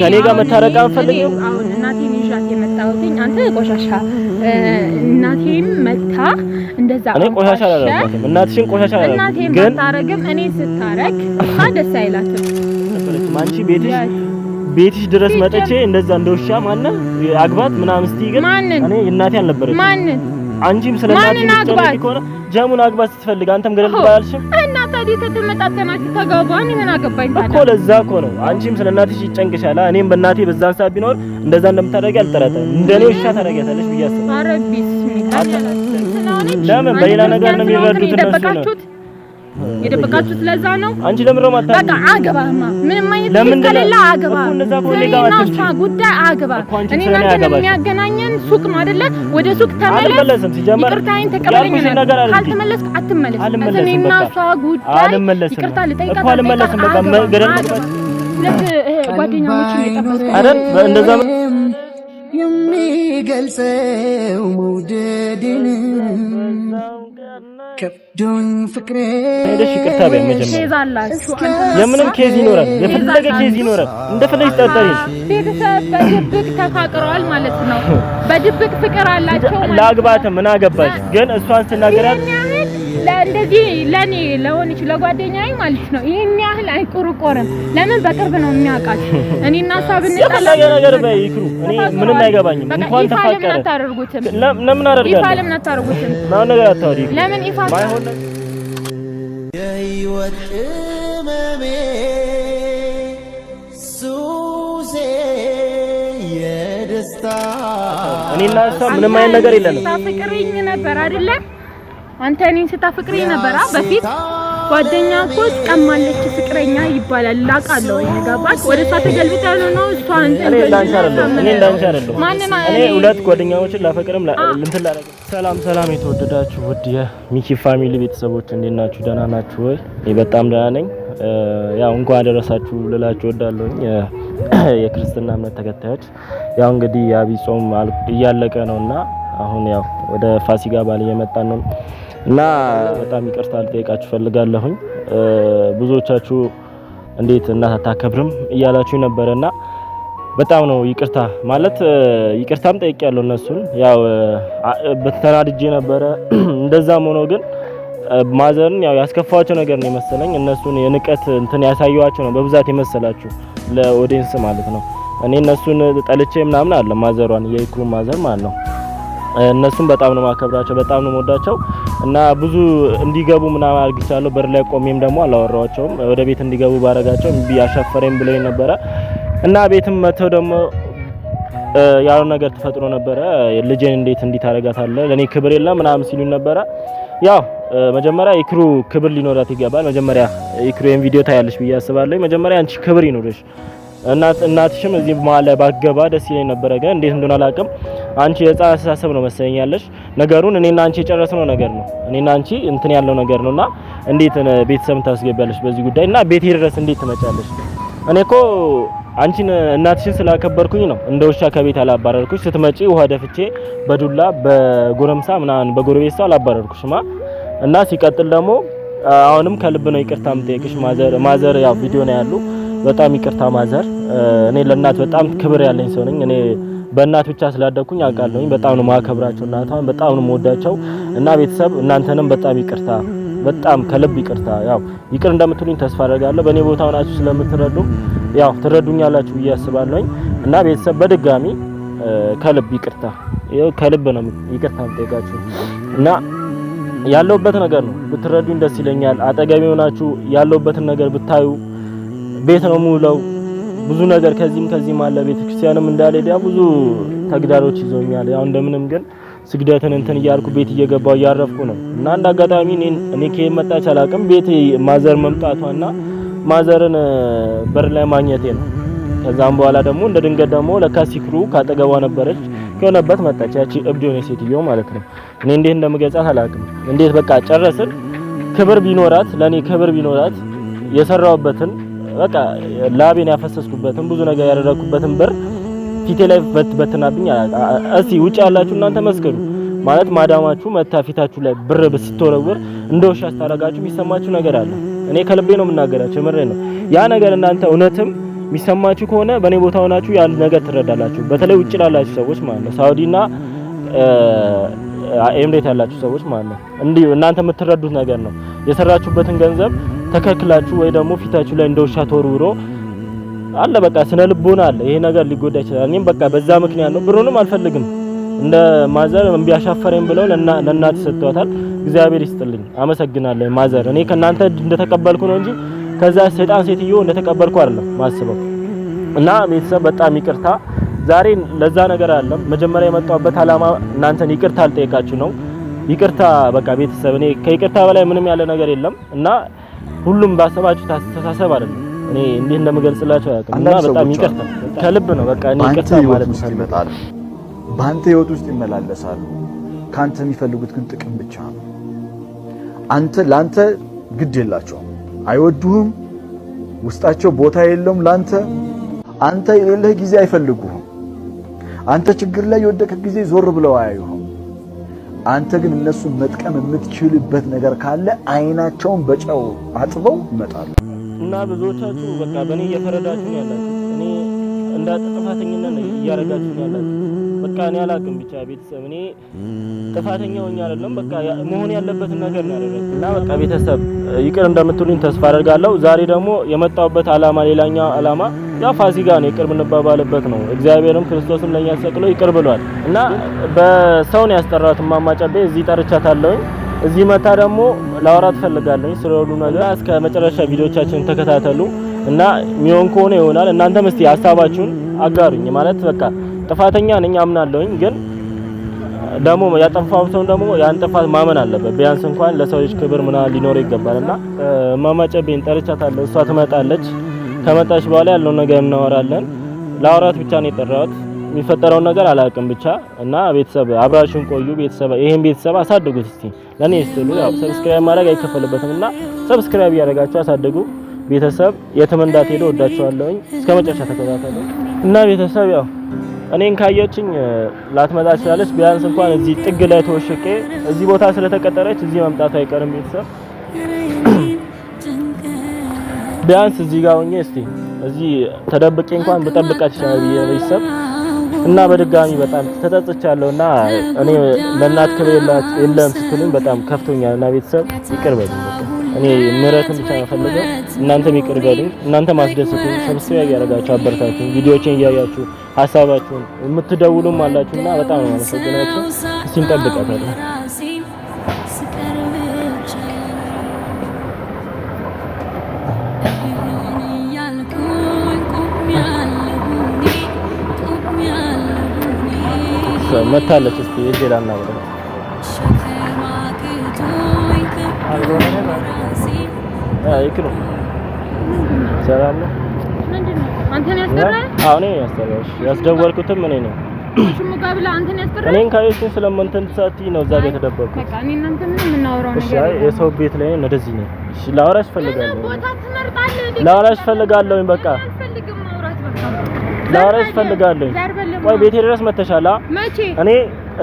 ከኔ ጋር መታረቅ አንፈልግም። አሁን እናቴን ይዣት የመጣሁትኝ አንተ ቆሻሻ እናቴም መታ እንደዛ እኔ ቆሻሻ አላደረኩም። እናትሽን ቆሻሻ አላደረኩም። ግን ታረግም እኔ ስታረግ ደስ አይላትም። አንቺ ቤትሽ ቤትሽ ድረስ መጥቼ እንደዛ እንደውሻ ማነ አግባት ምናምን ስትይ ግን እኔ እናቴ አልነበረችም። ማንን አንቺም ስለ እናትህ ሆነ ጀሙን አግባት ስትፈልግ አንተም ገደል ትባያልሽም። እና ታዲያ ተመጣጠናችሁ ተጋቡ። እኔ ምን አገባኝ እኮ ለዛ እኮ ነው። አንቺም ስለ እናትሽ ይጨንቅሻል። እኔም በእናቴ በዛን ሰዓት ቢኖር እንደዛ እንደምታደርጊ አልጠረጠርም። እንደኔ ውሻ ታደርጊያታለሽ ብዬ አስባለሁ። ለምን በሌላ ነገር ነው የሚረዱት እነሱ ነው የደበቃችሁት ለዛ ነው። አንቺ ለምን ነው ማታ በቃ አገባህማ። ምንም አይነት ከሌላ አገባ እኮ እንደዛ እኮ ነው። ጉዳይ አገባ እኔ እናንተን የሚያገናኝ ሱቅ ነው አይደለ? ወደ ሱቅ ተመለስ። ይቅርታዬን ተቀበለኝ። ካልተመለስክ አትመለስ። እኔና እሷ ጉዳይ ይቅርታ ልጠይቃት አልመለስም። ገደል ጓደኛሞች እንደዛ የሚገልጸው መውደድን ሄደሽ ይቅርታ በይ። መጀመሪያ የምንም ኬዝ ይኖራል፣ የፈለገ ኬዝ ይኖራል። እንደፈለግሽ ጠርጠሪ። ቤተሰብ በድብቅ ተፋቅረዋል ማለት ነው። በድብቅ ፍቅር አላቸው። ለአግባትም ምን አገባሽ? ግን እሷን ስናገራት ለእንደዚህ ለኔ ለሆነች ለጓደኛዬ ማለት ነው ይሄን ያህል አይቆረቆርም። ለምን በቅርብ ነው የሚያውቃቸው። እኔ እና እሷ ብንጣላ ነገር በይ ይክሩ። እኔ ምንም አይገባኝም። እንኳን ተፋቀረ ለምን አታደርጉትም? ለምን አደርጋለሁ ይፋ ለምን አታደርጉትም? ነገር አታውሪ ለምን ይፋ የህይወት ጥመሜ ሱሴ የደስታ እኔ እሷ ምንም አይነት ነገር የለንም። ታፍቅሪኝ ነበር አይደለ? አንተ እኔን ስታፍቅሪ ነበር በፊት ጓደኛ እኮ ትቀማለች ፍቅረኛ ይባላል። ላቃለው ወይ ገባሽ? ወደ እሷ ተገልብጠህ ነው እሷ አንተ እኔ እንዳንቺ አይደለም። እኔ እንዳንቺ አይደለም። ማንንም እኔ ሁለት ጓደኛዎችን ላፈቅርም እንትን ላደርግ። ሰላም ሰላም፣ የተወደዳችሁ ውድ የሚኪ ፋሚሊ ቤተሰቦች እንዴት ናችሁ? ደህና ናችሁ ወይ? እኔ በጣም ደህና ነኝ። ያው እንኳን አደረሳችሁ ልላችሁ እወዳለሁኝ የክርስትና እምነት ተከታዮች። ያው እንግዲህ የአብይ ጾም እያለቀ ነውና አሁን ያው ወደ ፋሲካ በዓል እየመጣን ነው እና በጣም ይቅርታ ልጠይቃችሁ ፈልጋለሁኝ። ብዙዎቻችሁ እንዴት እናት አታከብርም እያላችሁ ነበረና በጣም ነው ይቅርታ ማለት ይቅርታም ጠይቄያለሁ እነሱን ያው በተናድጄ ነበረ። እንደዛም ሆኖ ግን ማዘርን ያው ያስከፋቸው ነገር ነው የመሰለኝ እነሱን የንቀት እንትን ያሳየዋቸው ነው በብዛት የመሰላችሁ ለኦዲየንስ ማለት ነው። እኔ እነሱን ጠልቼ ምናምን አለ ማዘሯን የይኩ ማዘር ማለት ነው። እነሱን በጣም ነው ማከብራቸው፣ በጣም ነው የምወዳቸው። እና ብዙ እንዲገቡ ምናምን አርግቻለሁ። በር ላይ ቆሜም ደግሞ አላወራዋቸውም። ወደ ቤት እንዲገቡ ባረጋቸው እምቢ አሻፈረኝ ብለኝ ነበረ እና ቤትም መተው ደግሞ ያሉ ነገር ተፈጥሮ ነበረ። ልጄን እንዴት እንዲህ ታደርጋታለህ? ለኔ ክብር የለም ምናምን ሲሉኝ ነበረ። ያው መጀመሪያ ይክሩ ክብር ሊኖራት ይገባል። መጀመሪያ ይክሩ ይሄን ቪዲዮ ታያለሽ ብዬ አስባለሁ። መጀመሪያ አንቺ ክብር ይኖርሽ እናት እናትሽም እዚህ መሀል ላይ ባገባ ደስ ይለኝ ነበረ፣ ግን እንዴት እንደሆነ አላውቅም። አንቺ የጻ አስተሳሰብ ነው መሰለኛለሽ። ነገሩን እኔና አንቺ የጨረስነው ነገር ነው። እኔና አንቺ እንትን ያለው ነገር ነውና እንዴት ቤተሰብ ታስገቢያለሽ በዚህ ጉዳይ እና ቤት ድረስ እንዴት ትመጫለሽ? እኔ እኮ አንቺን እናትሽን ስላከበርኩኝ ነው እንደ ውሻ ከቤት አላባረርኩሽ። ስትመጪ ውሃ ደፍቼ በዱላ በጎረምሳ ምናምን በጎረቤት ሰው አላባረርኩሽማ። እና ሲቀጥል ደግሞ አሁንም ከልብ ነው ይቅርታ የምጠይቅሽ ማዘር። ማዘር ያው ቪዲዮ ነው ያሉ፣ በጣም ይቅርታ ማዘር። እኔ ለእናት በጣም ክብር ያለኝ ሰው ነኝ እኔ በእናት ብቻ ስላደኩኝ አውቃለሁኝ። በጣም ነው ማከብራቸው እናቷን በጣም ነው የምወዳቸው እና ቤተሰብ እናንተንም በጣም ይቅርታ፣ በጣም ከልብ ይቅርታ። ያው ይቅር እንደምትሉኝ ተስፋ አደርጋለሁ። በእኔ ቦታ ሆናችሁ ስለምትረዱ ያው ትረዱኛላችሁ ብዬ አስባለሁኝ እና ቤተሰብ በድጋሚ ከልብ ይቅርታ፣ ከልብ ነው ይቅርታ የምጠይቃችሁ እና ያለውበት ነገር ነው ብትረዱኝ ደስ ይለኛል። አጠገቤ ሆናችሁ ያለውበትን ነገር ብታዩ ቤት ነው ሙሉው ብዙ ነገር ከዚህም ከዚህም አለ። ቤተክርስቲያንም እንዳልሄድ ያው ብዙ ተግዳሮች ይዞኛል። ያው እንደምንም ግን ስግደትን እንትን እያልኩ ቤት እየገባው እያረፍኩ ነው እና እንደ አጋጣሚ እኔ ከየት መጣች አላውቅም፣ ቤት ማዘር መምጣቷና ማዘርን በር ላይ ማግኘቴ ነው። ከዛም በኋላ ደግሞ እንደ ድንገት ደግሞ ለካ ሲክሩ ካጠገቧ ነበረች ከሆነበት መጣች። ያቺ እብድ የሆነ ሴትዮ ማለት ነው። እኔ እንዴት እንደምገጻት አላውቅም። እንዴት በቃ ጨረስን። ክብር ቢኖራት ለኔ ክብር ቢኖራት የሰራውበትን በቃ ላቤን ያፈሰስኩበትን ብዙ ነገር ያደረኩበትን ብር ፊቴ ላይ በትናብኝ። እስቲ ውጭ ያላችሁ እናንተ መስክሩ። ማለት ማዳማችሁ መታ ፊታችሁ ላይ ብር ስትወረውር እንደ ውሻ ስታረጋችሁ የሚሰማችሁ ነገር አለ። እኔ ከልቤ ነው የምናገራችሁ፣ ምሬ ነው ያ ነገር። እናንተ እውነትም የሚሰማችሁ ከሆነ በእኔ ቦታ ሆናችሁ ያን ነገር ትረዳላችሁ። በተለይ ውጭ ላላችሁ ሰዎች ማለት ነው ሳውዲና ኤምሬት ያላችሁ ሰዎች ማለት ነው። እንዲሁ እናንተ የምትረዱት ነገር ነው የሰራችሁበትን ገንዘብ ተከልክላችሁ ወይ ደግሞ ፊታችሁ ላይ እንደ ውሻ ተወርውሮ አለ በቃ ስነ ልቦና አለ። ይሄ ነገር ሊጎዳ ይችላል። እኔም በቃ በዛ ምክንያት ነው ብሩንም አልፈልግም እንደ ማዘር እምቢ ብለው ለእናት ሰጥቷታል። እግዚአብሔር ይስጥልኝ፣ አመሰግናለሁ ማዘር። እኔ ከእናንተ እንደተቀበልኩ ነው እንጂ ከዛ ሰይጣን ሴትዮ እንደተቀበልኩ አይደለም ማስበው እና ቤተሰብ በጣም ይቅርታ። ዛሬ ለዛ ነገር አለም መጀመሪያ የመጣሁበት አላማ እናንተን ይቅርታ አልጠየቃችሁ ነው። ይቅርታ በቃ ቤተሰብ እኔ ከይቅርታ በላይ ምንም ያለ ነገር የለም እና ሁሉም ባሰባችሁት አስተሳሰብ አይደለም። እኔ እንዴት እንደምገልጽላችሁ አያውቅምና በጣም ይቅርታ ከልብ ነው። በቃ እኔ ይቅርታ ማለት ነው። ይመጣል በአንተ ህይወት ውስጥ ይመላለሳሉ። ከአንተ የሚፈልጉት ግን ጥቅም ብቻ ነው። አንተ ላንተ ግድ የላቸውም፣ አይወዱህም፣ ውስጣቸው ቦታ የለውም ላንተ አንተ የሌለህ ጊዜ አይፈልጉህም። አንተ ችግር ላይ የወደቀ ጊዜ ዞር ብለው አያዩህም። አንተ ግን እነሱን መጥቀም የምትችልበት ነገር ካለ አይናቸውን በጨው አጥበው ይመጣሉ። እና ብዙዎቻችሁ በቃ በእኔ እየፈረዳችሁ ያላችሁ እኔ እንደ እያረጋችሁ ያላችሁ በቃ እኔ አላውቅም። ብቻ ቤተሰብ እኔ ጥፋተኛ ሆኜ አይደለም፣ በቃ መሆን ያለበትን ነገር ነው ያደረኩት እና በቃ ቤተሰብ ይቅር እንደምትሉኝ ተስፋ አደርጋለሁ። ዛሬ ደግሞ የመጣሁበት አላማ፣ ሌላኛው አላማ ያ ፋሲካ ነው፣ ይቅር የምንባባልበት ነው። እግዚአብሔርም ክርስቶስም ለኛ ተሰቅሎ ይቅር ብሏል እና በሰው ነው ያስጠራት ማማጨቤ እዚህ ጠርቻታለሁኝ። እዚህ መታ ደግሞ ላወራት እፈልጋለሁ ስለሉ ነገር። እስከ መጨረሻ ቪዲዮቻችንን ተከታተሉ እና ሚሆን ከሆነ ይሆናል። እናንተም እስቲ ሀሳባችሁን አጋሩኝ ማለት በቃ ጥፋተኛ ነኝ አምናለሁኝ። ግን ደግሞ ሰው ደግሞ ያን ጥፋት ማመን አለበት። ቢያንስ እንኳን ለሰው ልጅ ክብር ምናምን ሊኖር ይገባልና እማማ ጨቤን ጠርቻታለሁ። እሷ ትመጣለች። ከመጣች በኋላ ያለውን ነገር እናወራለን። ለአውራት ብቻ ነው የጠራሁት። የሚፈጠረውን ነገር አላውቅም ብቻ እና ቤተሰብ አብራሽን ቆዩ። ቤተሰብ ይሄን ቤተሰብ አሳድጉት እስቲ ለኔ ስትሉ ያው ሰብስክራይብ ማድረግ አይከፈልበትም እና ሰብስክራይብ እያደረጋችሁ አሳድጉ። ቤተሰብ የትም እንዳትሄዱ። ወዳችኋለሁኝ። እስከ መጨረሻ ተከታተሉ እና ቤተሰብ ያው እኔን ካየችኝ ላትመጣ ትችላለች። ቢያንስ እንኳን እዚህ ጥግ ላይ ተወሽቄ እዚህ ቦታ ስለተቀጠረች እዚህ መምጣቱ አይቀርም። ቤተሰብ ቢያንስ እዚህ ጋር ሆኜ እስቲ እዚህ ተደብቄ እንኳን ብጠብቃት ይችላል ብዬ ቤተሰብ እና በድጋሚ በጣም ተጸጽቻለሁ እና እኔ ለእናት ክብር የለም ስትሉኝ በጣም ከፍቶኛል እና ቤተሰብ ይቅር በሉኝ። እኔ ምሕረትን ብቻ ነው እናንተ እናንተም ይቅር በሉኝ። እናንተ ማስደስቱ ሰብስክራይብ እያደረጋችሁ አበረታችሁ፣ ቪዲዮዎችን እያያችሁ ሀሳባችሁን የምትደውሉም አላችሁና በጣም ነው አመሰግናችሁ። እስቲ እንጠብቃታለን። መታለች። እስቲ እጄ ላናግራት ይክ ነው ሰላም ነው። አንተን ያስጠራህ? አዎ እኔ ያስጠራሽ። ያስደወልኩትም እኔ ነው። እኔን ካየሽኝ ስለማንተን ሰዓትኝ ነው እዛ ጋር የተደበቅኩት። በቃ እኔ እናንተ ምን የምናወራው ነገር አይ የሰው ቤት ላይ እንደዚህ ነው። እሺ ላወራሽ እፈልጋለሁ። ላወራሽ እፈልጋለሁ። በቃ ላወራሽ እፈልጋለሁ። ቆይ ቤቴ ድረስ መተሻላ እኔ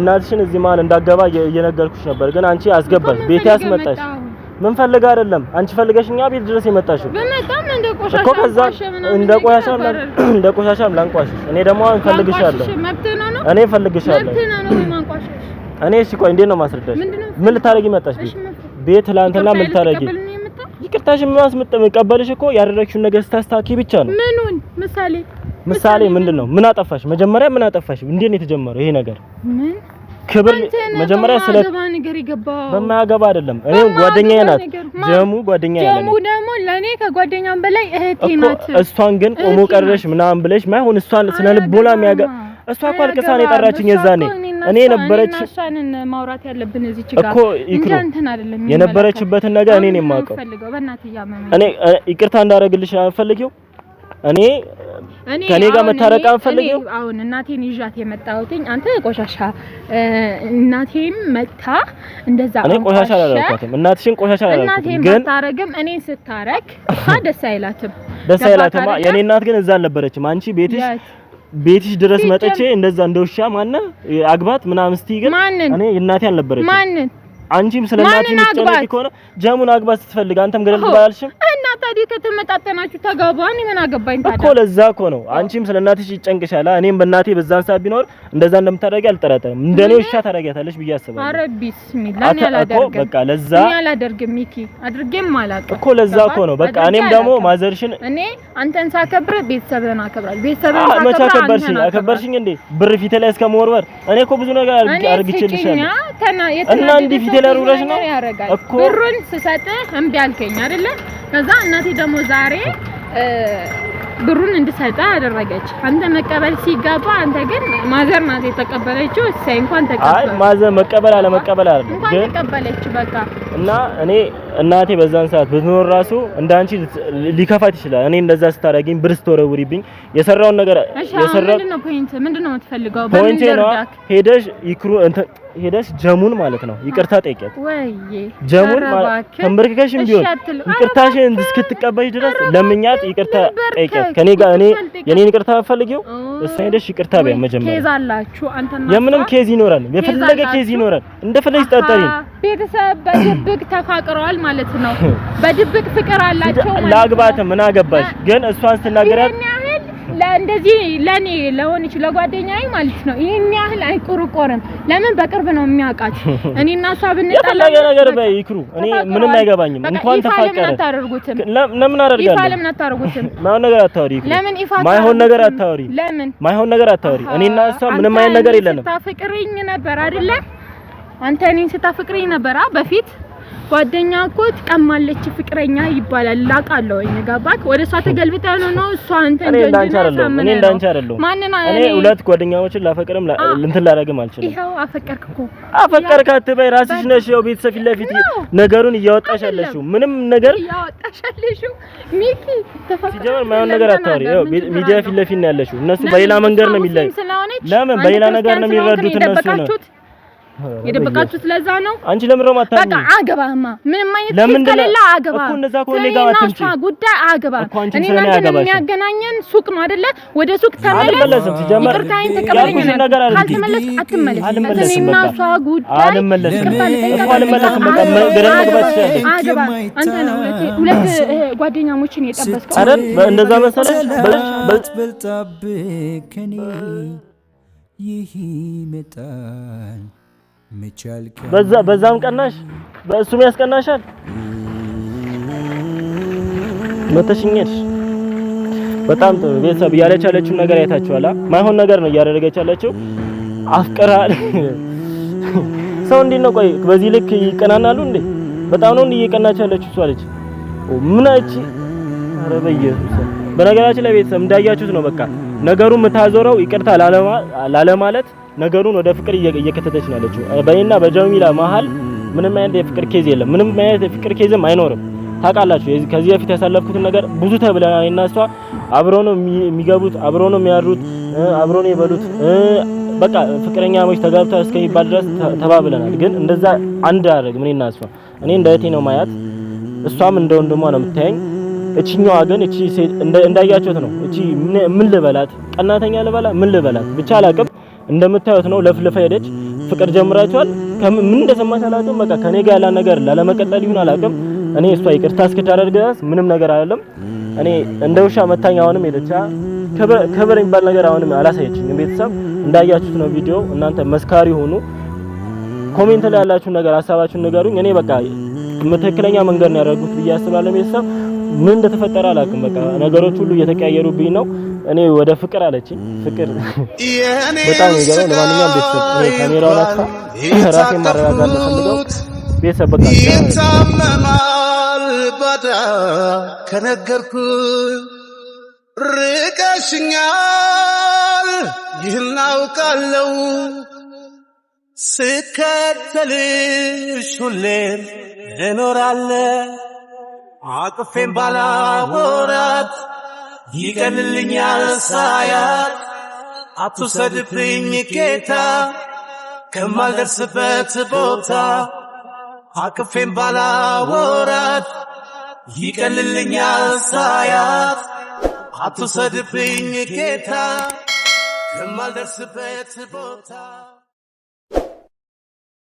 እናትሽን እዚህ መሀል እንዳገባ እየነገርኩሽ ነበር፣ ግን አንቺ አስገባሽ ቤቴ አስመጣሽ ምን ፈልጋ አይደለም አንቺ ፈልገሽኛ ቤት ድረስ የመጣሽው በመጣም እንደ ቆሻሻ እንደ ቆሻሻ እንደ ቆሻሻ ላንቋሽሽ። እኔ ደግሞ እንፈልግሻለሁ። እኔ እፈልግሻለሁ። እኔ እሺ፣ ቆይ እንዴት ነው ማስረዳሽ? ምን ልታረጊ መጣሽ? ቤት ቤት ትናንትና ምን ልታረጊ? ይቅርታሽ ይቅርታሽን የምቀበልሽ እኮ ያደረግሽውን ነገር ስታስታኪ ብቻ ነው። ምኑን ምሳሌ ምሳሌ ምንድን ነው? ምን አጠፋሽ? መጀመሪያ ምን አጠፋሽ? እንዴት ነው የተጀመረው ይሄ ነገር? ምን ክብር መጀመሪያ ስለ በማያገባ አይደለም። እኔ ጓደኛዬ ናት፣ ጀሙ ጓደኛዬ ናት። ጀሙ ደግሞ ለኔ ከጓደኛም በላይ እህቴ ናት። እሷን ግን ቆሞ ቀረሽ ምናምን ብለሽ ማይሆን እሷን ስለ ልቦና የሚያገ እሷ እኮ አልቅሳ ነው የጠራችኝ የዛኔ እኔ ነበረች የነበረች ማውራት ያለብን እዚህ ጋር እኮ ይክሩ የነበረችበትን ነገር እኔ ነው የማውቀው። እኔ ይቅርታ እንዳደረግልሽ አልፈልጊው እኔ ከኔ ጋር መታረቅ አንፈልግም። አሁን እናቴን ይዣት የመጣሁትኝ አንተ ቆሻሻ እናቴም መታ እንደዛ እኔ ቆሻሻ አላደረኳትም። እናትሽን ቆሻሻ አላደረኳትም። ግን ታረግም እኔ ስታረግ ደስ አይላትም። ደስ አይላትማ። የኔ እናት ግን እዛ አልነበረችም። አንቺ ቤትሽ ቤትሽ ድረስ መጥቼ እንደዛ እንደውሻ ማነ አግባት ምናምን ስትይ ግን እኔ እናቴ አልነበረችም። ማንን አንቺም ስለ እናትሽ የምትጨነቂ ከሆነ ጀሙን አግባት ስትፈልግ አንተም ገደል ባልሽም እና ታዲያ ከተመጣጠናችሁ ተጋቡ። እኔ ምን አገባኝ ታዲያ እኮ ለዛ እኮ ነው። አንቺም ስለናትሽ እናትሽ ይጨንቅሻል። እኔም በእናቴ በዛን ሰዓት ቢኖር እንደዛ እንደምታደርጊ አልጠራጠርም። እንደኔ ውሻ ታደርጊያታለሽ ብዬ አስባለሁ። ኧረ ቢስሚላህ እኔ አላደርግም። በቃ ለዛ እኔ አላደርግም። ሚኪ አድርጌም አላውቅም እኮ ለዛ እኮ ነው። በቃ እኔም ደግሞ ማዘርሽን እኔ አንተን ሳከብር ቤተሰብህን አከብራለሁ። ቤተሰብህን ሳከብር መቼ አከበርሽኝ? አከበርሽኝ እንዴ ብር ፊቴ ላይ እስከመወርወር እኔ እኮ ብዙ ነገር አድርግቼልሻለሁ እና እንዲህ ፊቴ ቴለር ውለሽ ነው እኮ ብሩን ስሰጥህ እምቢ አልከኝ አይደለ? ከዛ እናቴ ደግሞ ዛሬ ብሩን እንድሰጥህ አደረገች። አንተ መቀበል ሲገባ አንተ ግን ማዘር ናት የተቀበለችው። እሰይ እንኳን ተቀበለች። አይ ማዘር መቀበል አለ መቀበል አለ እንኳን ተቀበለች በቃ። እና እኔ እናቴ በዛን ሰዓት ብትኖር ራሱ እንዳንቺ ሊከፋት ይችላል። እኔ እንደዛ ስታደርጊኝ ብር ስትወረውሪብኝ የሰራውን ነገር የሰራው ምንድነው ፖይንት ምንድነው የምትፈልገው? በምን ደርዳክ ሄደሽ ይክሩ ሄደሽ ጀሙን ማለት ነው ይቅርታ ጠይቂያት። ጀሙን ተንበርክከሽም ቢሆን ይቅርታሽን እስክትቀበይ ድረስ ለምኛት፣ ይቅርታ ጠይቂያት። ከኔ ጋር እኔ የኔን ይቅርታ ፈልጊው፣ እሷ ሄደሽ ይቅርታ በይ። መጀመሪያ ኬዝ አላችሁ አንተና የምንም ኬዝ ይኖራል፣ የፈለገ ኬዝ ይኖራል። እንደፈለግሽ ጠርጠሪ። ቤተሰብ በድብቅ ተፋቅረዋል ማለት ነው፣ በድብቅ ፍቅር አላቸው ማለት ነው። ለአግባትም ምን አገባሽ ግን እሷን ስናገራት ለእንደዚህ ለኔ ለሆነች ለጓደኛዬ ማለት ነው ይሄን ያህል አይቆርቆርም። ለምን በቅርብ ነው የሚያውቃት። እኔ እና እሷ ብንጣላ ነገር በይ ይክሩ። እኔ ምንም አይገባኝም። እንኳን ተፋቀረ ለምን አደርጋለሁ ይፋ ለምን አታደርጉትም? ማይሆን ነገር አታወሪ ይክሩ። ለምን ይፋ ማይሆን ነገር አታወሪ ለምን ማይሆን ነገር አታወሪ። እኔ እና እሷ ምንም አይነት ነገር የለንም። ስታፈቅሪኝ ነበር አይደለ? አንተ እኔን ስታፍቅሪኝ ነበር በፊት ጓደኛ እኮ ትቀማለች ፍቅረኛ ይባላል። ላቃለው ወይ ገባክ? ወደ እሷ ተገልብጠ ነው ነው እሷ አንተ እንደ እኔ እንዳንቺ አይደለሁም። ማንን እኔ ሁለት ጓደኛዎችን ላፈቅርም እንትን ላደርግም አልችልም። ይኸው አፈቀርክ እኮ አፈቀርክ አትበይ፣ ራስሽ ነሽ ያው ቤተሰብ ፊት ለፊት ነገሩን እያወጣሽ ያለሽው ምንም ነገር እያወጣሽ ያለሽው ሚኪ ተፈቀረ ሲጀመር ማየውን ነገር አታወሪ። ያው ሚዲያ ፊት ለፊት ነው ያለሽው። እነሱ በሌላ መንገድ ነው የሚለያዩ። ለምን በሌላ ነገር ነው የሚረዱት እነሱ ነው የደበቃችሁት ለዛ ነው። አንቺ ለምን ነው ማታ በቃ አገባህማ። ምንም አይነት ፊት ከሌላ አገባህ እኮ እንደዛ ከሆነ ጋር አትምጪ። ጉዳይ አገባህ እኔ እና አንቺ የሚያገናኘን ሱቅ ነው አይደለ? ወደ ሱቅ ተመለስ። አልመለስም። ሲጀመር ይቅርታዬን ተቀበለኝ ነገር አለ። ካልተመለስክ አትመለስ። እኔ እና እሷ ጉዳይ አልመለስም። እኮ አልመለስም። በቃ ገደል መግባት ትችላለህ። አገባህ አንተ ነው ሁለት ጓደኛሞችን የጠበስከው አይደል? እንደዛ መሰለሽ በልጣብህ ከኔ ይህ ይመጣል በዛ በዛም ቀናሽ በእሱም ያስቀናሻል። መተሽኘሽ በጣም ጥሩ ቤተሰብ እያለች ያለችውን ነገር አይታችኋላ። ማይሆን ነገር ነው እያደረገች ያለችው። አፍቅራል ሰው እንዴት ነው? ቆይ በዚህ ልክ ይቀናናሉ እንዴ? በጣም ነው እንዴ እየቀናች ያለችው እሷ ልጅ ምን አይቺ? ኧረ በነገራችን ላይ ቤተሰብ እንዳያችሁት ነው በቃ ነገሩ የምታዞረው ይቅርታ ላለማለት ነገሩን ወደ ፍቅር እየከተተች ነው ያለችው። በእኔና በጀሚላ መሀል ምንም አይነት የፍቅር ኬዝ የለም። ምንም አይነት የፍቅር ኬዝም አይኖርም። ታውቃላችሁ ከዚህ በፊት ያሳለፍኩትን ነገር ብዙ ተብለና እሷ አብሮ ነው የሚገቡት፣ አብሮ ነው የሚያድሩት፣ አብሮ ነው የበሉት። በቃ ፍቅረኛ ሞች ተጋብቶ እስከሚባል ድረስ ተባብለናል። ግን እንደዛ አንድ አደረግ ምን እና እሷ እኔ እንደ እህቴ ነው ማያት፣ እሷም እንደ ወንድሟ ነው የምታየኝ። እችኛዋ ግን እቺ እንዳያችሁት ነው እቺ ምን ልበላት፣ ቀናተኛ ልበላት፣ ምን ልበላት ብቻ አላቅም። እንደምታዩት ነው። ለፍልፈ ሄደች። ፍቅር ጀምራችኋል። ከምን እንደሰማች አላውቅም። በቃ ከኔ ጋር ያለ ነገር ላለመቀጠል ይሁን አላውቅም። እኔ እሷ ይቅርታ እስክታደርግ ድረስ ምንም ነገር አይደለም። እኔ እንደ ውሻ መታኝ። አሁንም ሄደች። ክብር የሚባል ነገር አሁንም አላሳየችኝም። ቤተሰብ እንዳያችሁት ነው ቪዲዮ። እናንተ መስካሪ ሆኑ። ኮሜንት ላይ ያላችሁን ነገር ሀሳባችሁን ንገሩኝ። እኔ በቃ ትክክለኛ መንገድ ነው ያደረጉት ብዬ አስባለሁ። ቤተሰብ ምን እንደተፈጠረ አላውቅም። በቃ ነገሮች ሁሉ እየተቀያየሩብኝ ነው። እኔ ወደ ፍቅር አለች ፍቅር በጣም ይገርም። ለማንኛውም ቤተሰብ ካሜራውን አጥፋ ራሴን ማረጋጋት ፈልገው ቤተሰብ በቃ ይታመማል ባዳ ከነገርኩ ርቀሽኛል፣ ይህን ስከተልሽ ሁሌም አቅፌም ባላወራት ይቀልልኛል ሳያት አትውሰድብኝ ጌታ ከማልደርስበት ቦታ አቅፌም ባላወራት ይቀልልኛል ሳያት አትውሰድብኝ ጌታ ከማልደርስበት ቦታ